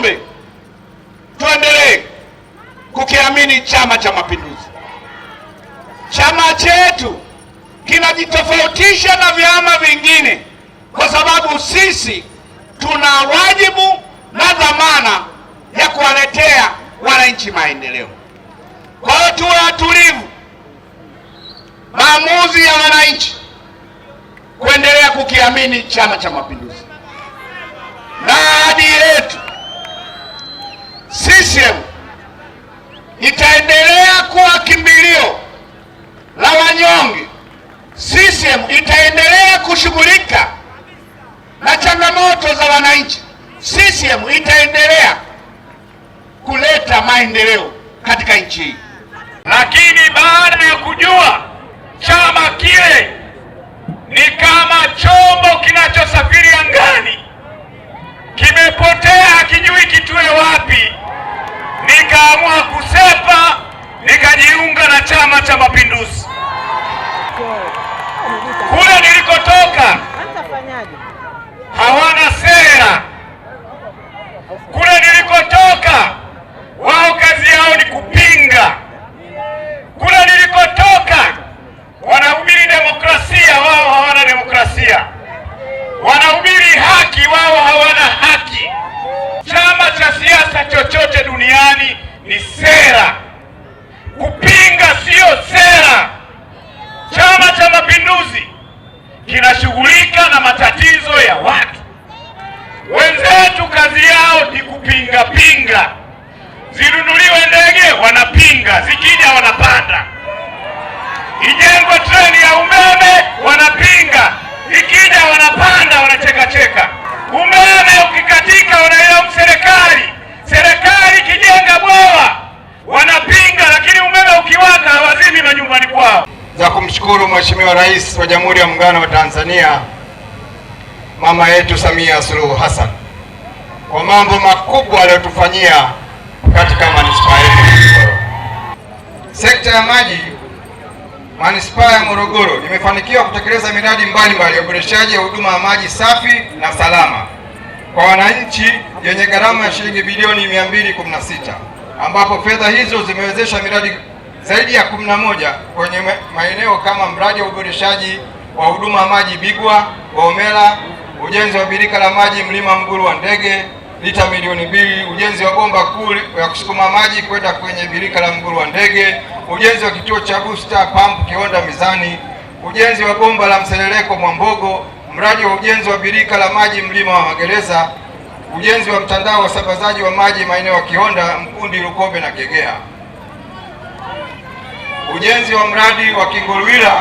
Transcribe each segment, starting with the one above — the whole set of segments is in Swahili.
niombe tuendelee kukiamini Chama cha Mapinduzi. Chama chetu kinajitofautisha na vyama vingine kwa sababu sisi tuna wajibu na dhamana ya kuwaletea wananchi maendeleo. Kwa hiyo tuwe watulivu, maamuzi ya wananchi kuendelea kukiamini Chama cha Mapinduzi na ahadi yetu CCM itaendelea kuwa kimbilio la wanyonge. CCM itaendelea kushughulika na changamoto za wananchi. CCM itaendelea kuleta maendeleo katika nchi hii. Lakini baada ya kujua chama kile ni kama chombo kinachosafiri angani, kimepotea, hakijui kitue wapi nikaamua kusepa, nikajiunga na Chama cha Mapinduzi. Kule nilikotoka hawana sera Mapinduzi kinashughulika na matatizo ya watu. Wenzetu kazi yao ni kupinga pinga, zinunuliwe ndege wanapinga, zikija wanapanda, ijengwe treni ya umeme kumshukuru Mheshimiwa Rais wa Jamhuri ya Muungano wa Tanzania mama yetu Samia Suluhu Hassan kwa mambo makubwa aliyotufanyia katika manispaa yetu. Sekta ya maji manispaa ya Morogoro imefanikiwa kutekeleza miradi mbalimbali ya uboreshaji ya huduma ya maji safi na salama kwa wananchi yenye gharama ya shilingi bilioni 216 ambapo fedha hizo zimewezesha miradi zaidi ya kumi moja kwenye maeneo kama mradi wa uboreshaji wa huduma maji Bigwa Omela, ujenzi wa birika la maji mlima Mguru wa Ndege lita milioni mbili, ujenzi wa bomba kuu ya kusukuma maji kwenda kwenye birika la Mguru wa Ndege, ujenzi wa kituo cha booster pump Kionda Mizani, ujenzi wa bomba la Mseleleko Mwambogo, mradi wa ujenzi wa birika la maji mlima wa Magereza, ujenzi wa mtandao wa usambazaji wa maji maeneo ya Kihonda, Mkundi, lukobe na Kegea. Ujenzi wa mradi wa Kingolwira,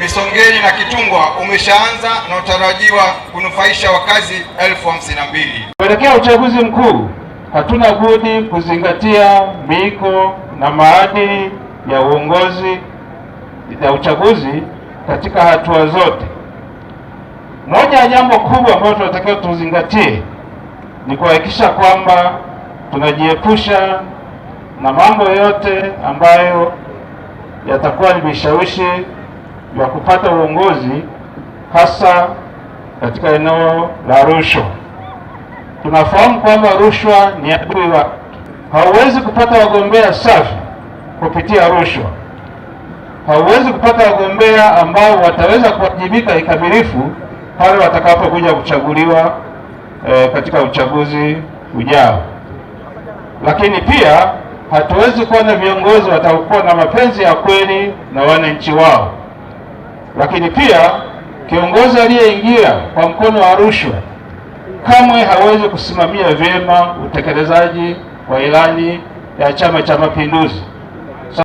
Misongeni na Kitungwa umeshaanza na utarajiwa kunufaisha wakazi elfu hamsini na mbili. Kuelekea uchaguzi mkuu, hatuna budi kuzingatia miiko na maadili ya uongozi ya uchaguzi katika hatua zote. Moja ya jambo kubwa ambalo tunatakiwa tuzingatie ni kuhakikisha kwamba tunajiepusha na mambo yote ambayo yatakuwa ni vishawishi vya kupata uongozi hasa katika eneo la rushwa. Tunafahamu kwamba rushwa ni adui wa, hauwezi kupata wagombea safi kupitia rushwa, hauwezi kupata wagombea ambao wataweza kuwajibika ikamilifu pale watakapokuja kuchaguliwa e, katika uchaguzi ujao, lakini pia hatuwezi kuwa na viongozi watakuwa na mapenzi ya kweli na wananchi wao. Lakini pia kiongozi aliyeingia kwa mkono wa rushwa kamwe hawezi kusimamia vyema utekelezaji wa ilani ya Chama cha Mapinduzi.